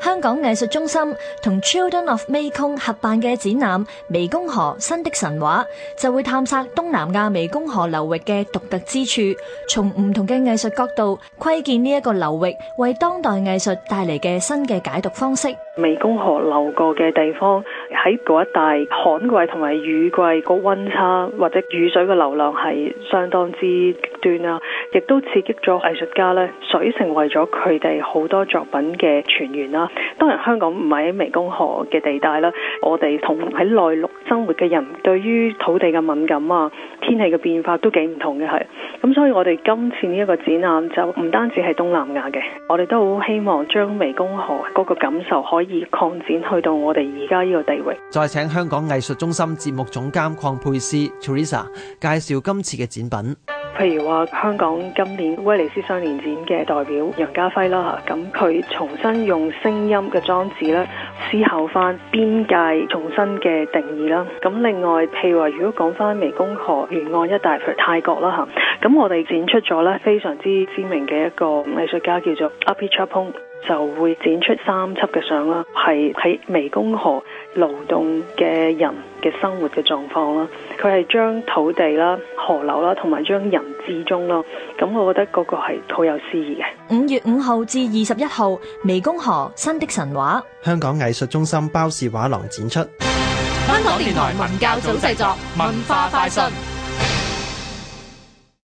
香港藝術中心同 Children of Maycon 合辦嘅展覽《湄公河新的神話》，就會探索東南亞湄公河流域嘅獨特之處，從唔同嘅藝術角度窺見呢一個流域為當代藝術帶嚟嘅新嘅解讀方式。湄公河流過嘅地方。喺嗰一帶旱季同埋雨季，個溫差或者雨水嘅流量係相當之極端啦，亦都刺激咗藝術家咧，水成為咗佢哋好多作品嘅泉源啦。當然香港唔係喺湄公河嘅地帶啦，我哋同喺內陸生活嘅人對於土地嘅敏感啊、天氣嘅變化都幾唔同嘅係。咁所以我哋今次呢一個展覽就唔單止係東南亞嘅，我哋都好希望將湄公河嗰個感受可以擴展去到我哋而家呢個地位。再請香港藝術中心節目總監鄺佩斯 Teresa 介紹今次嘅展品，譬如話香港今年威尼斯雙年展嘅代表楊家輝啦吓，咁佢重新用聲音嘅裝置咧思考翻邊界重新嘅定義啦。咁另外，譬如話如果講翻湄公河沿岸一帶，譬如泰國啦吓。咁我哋展出咗咧非常之知名嘅一個藝術家叫做 Apichatpong，就會展出三輯嘅相啦，係喺湄公河勞動嘅人嘅生活嘅狀況啦。佢係將土地啦、河流啦，同埋將人之中咯。咁我覺得嗰個係好有詩意嘅。五月五號至二十一號，《湄公河：新的神話》，香港藝術中心包氏畫廊展出。香港電台文教組製作，作，文化快訊。